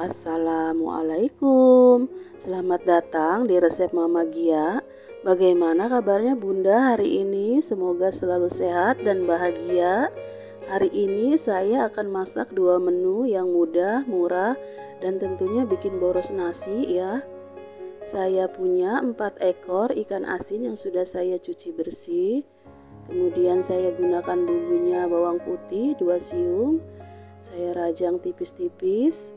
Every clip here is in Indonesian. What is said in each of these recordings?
Assalamualaikum Selamat datang di resep Mama Gia Bagaimana kabarnya bunda hari ini? Semoga selalu sehat dan bahagia Hari ini saya akan masak dua menu yang mudah, murah Dan tentunya bikin boros nasi ya Saya punya empat ekor ikan asin yang sudah saya cuci bersih Kemudian saya gunakan bumbunya bawang putih 2 siung Saya rajang tipis-tipis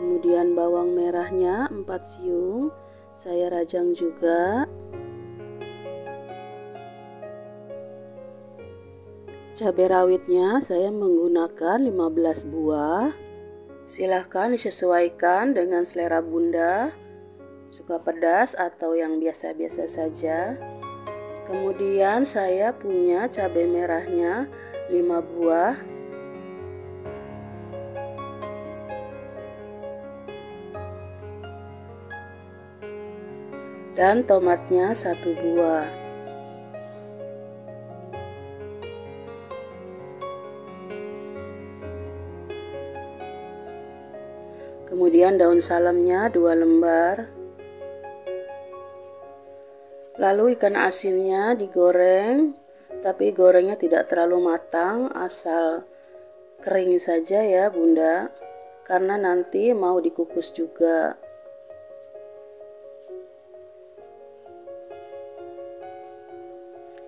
kemudian bawang merahnya 4 siung saya rajang juga cabai rawitnya saya menggunakan 15 buah silahkan disesuaikan dengan selera bunda suka pedas atau yang biasa-biasa saja kemudian saya punya cabai merahnya 5 buah dan tomatnya satu buah. Kemudian daun salamnya dua lembar. Lalu ikan asinnya digoreng, tapi gorengnya tidak terlalu matang, asal kering saja ya, Bunda. Karena nanti mau dikukus juga.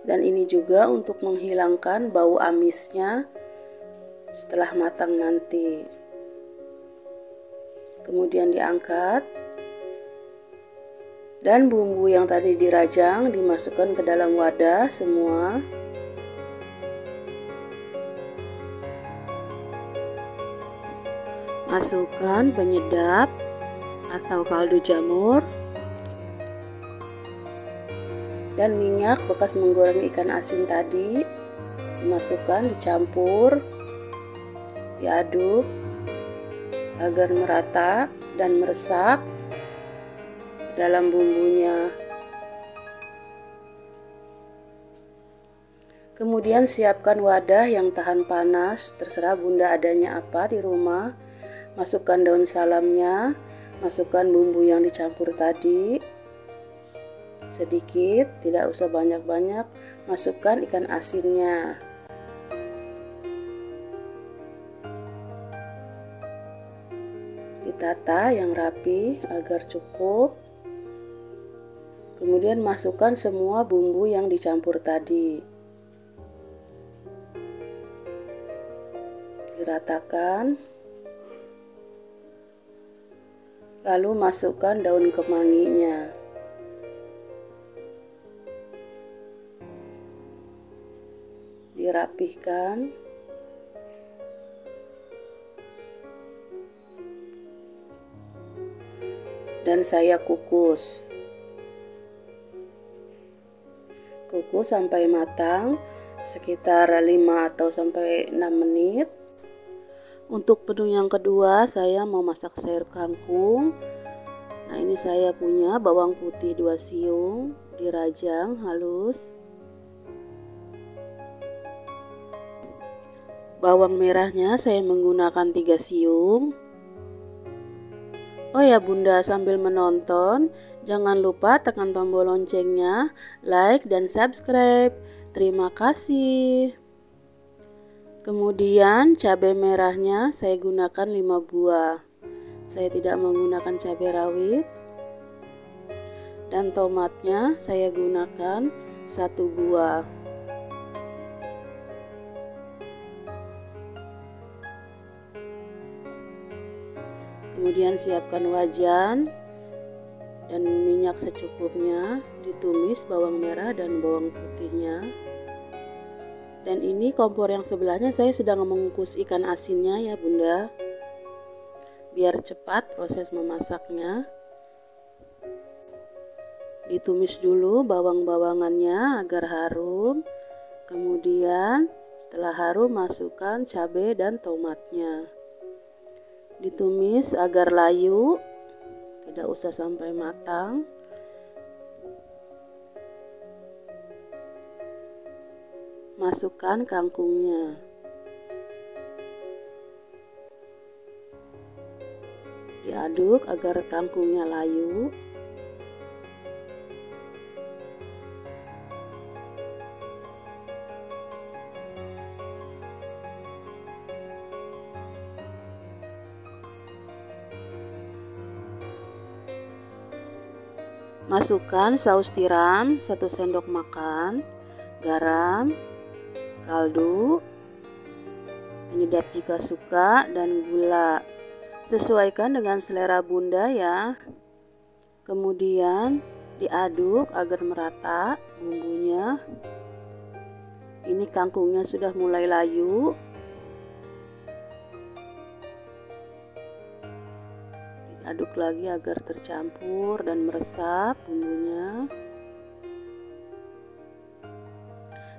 dan ini juga untuk menghilangkan bau amisnya setelah matang nanti kemudian diangkat dan bumbu yang tadi dirajang dimasukkan ke dalam wadah semua masukkan penyedap atau kaldu jamur dan minyak bekas menggoreng ikan asin tadi dimasukkan, dicampur, diaduk agar merata dan meresap dalam bumbunya. Kemudian siapkan wadah yang tahan panas, terserah bunda adanya apa di rumah. Masukkan daun salamnya, masukkan bumbu yang dicampur tadi, sedikit, tidak usah banyak-banyak, masukkan ikan asinnya. Ditata yang rapi agar cukup. Kemudian masukkan semua bumbu yang dicampur tadi. Diratakan. Lalu masukkan daun kemanginya. dirapihkan dan saya kukus kukus sampai matang sekitar 5 atau sampai 6 menit untuk menu yang kedua saya mau masak sayur kangkung nah ini saya punya bawang putih 2 siung dirajang halus Bawang merahnya saya menggunakan 3 siung. Oh ya bunda sambil menonton jangan lupa tekan tombol loncengnya, like dan subscribe. Terima kasih. Kemudian cabai merahnya saya gunakan 5 buah. Saya tidak menggunakan cabai rawit. Dan tomatnya saya gunakan satu buah. Kemudian siapkan wajan dan minyak secukupnya, ditumis bawang merah dan bawang putihnya. Dan ini kompor yang sebelahnya saya sedang mengukus ikan asinnya ya bunda Biar cepat proses memasaknya Ditumis dulu bawang-bawangannya agar harum Kemudian setelah harum masukkan cabai dan tomatnya ditumis agar layu tidak usah sampai matang masukkan kangkungnya diaduk agar kangkungnya layu Masukkan saus tiram 1 sendok makan, garam, kaldu, penyedap jika suka, dan gula. Sesuaikan dengan selera bunda ya. Kemudian diaduk agar merata bumbunya. Ini kangkungnya sudah mulai layu, aduk lagi agar tercampur dan meresap bumbunya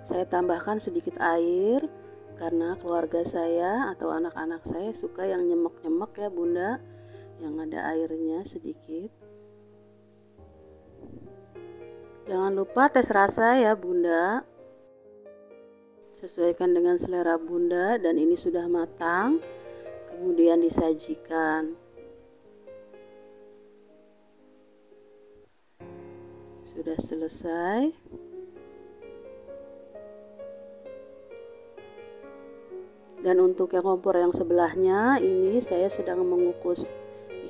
saya tambahkan sedikit air karena keluarga saya atau anak-anak saya suka yang nyemek-nyemek ya bunda yang ada airnya sedikit jangan lupa tes rasa ya bunda sesuaikan dengan selera bunda dan ini sudah matang kemudian disajikan sudah selesai dan untuk yang kompor yang sebelahnya ini saya sedang mengukus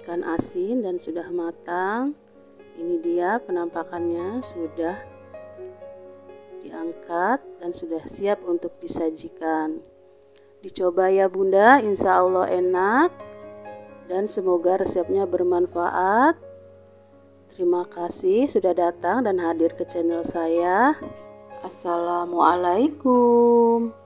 ikan asin dan sudah matang ini dia penampakannya sudah diangkat dan sudah siap untuk disajikan dicoba ya bunda insya Allah enak dan semoga resepnya bermanfaat Terima kasih sudah datang dan hadir ke channel saya. Assalamualaikum.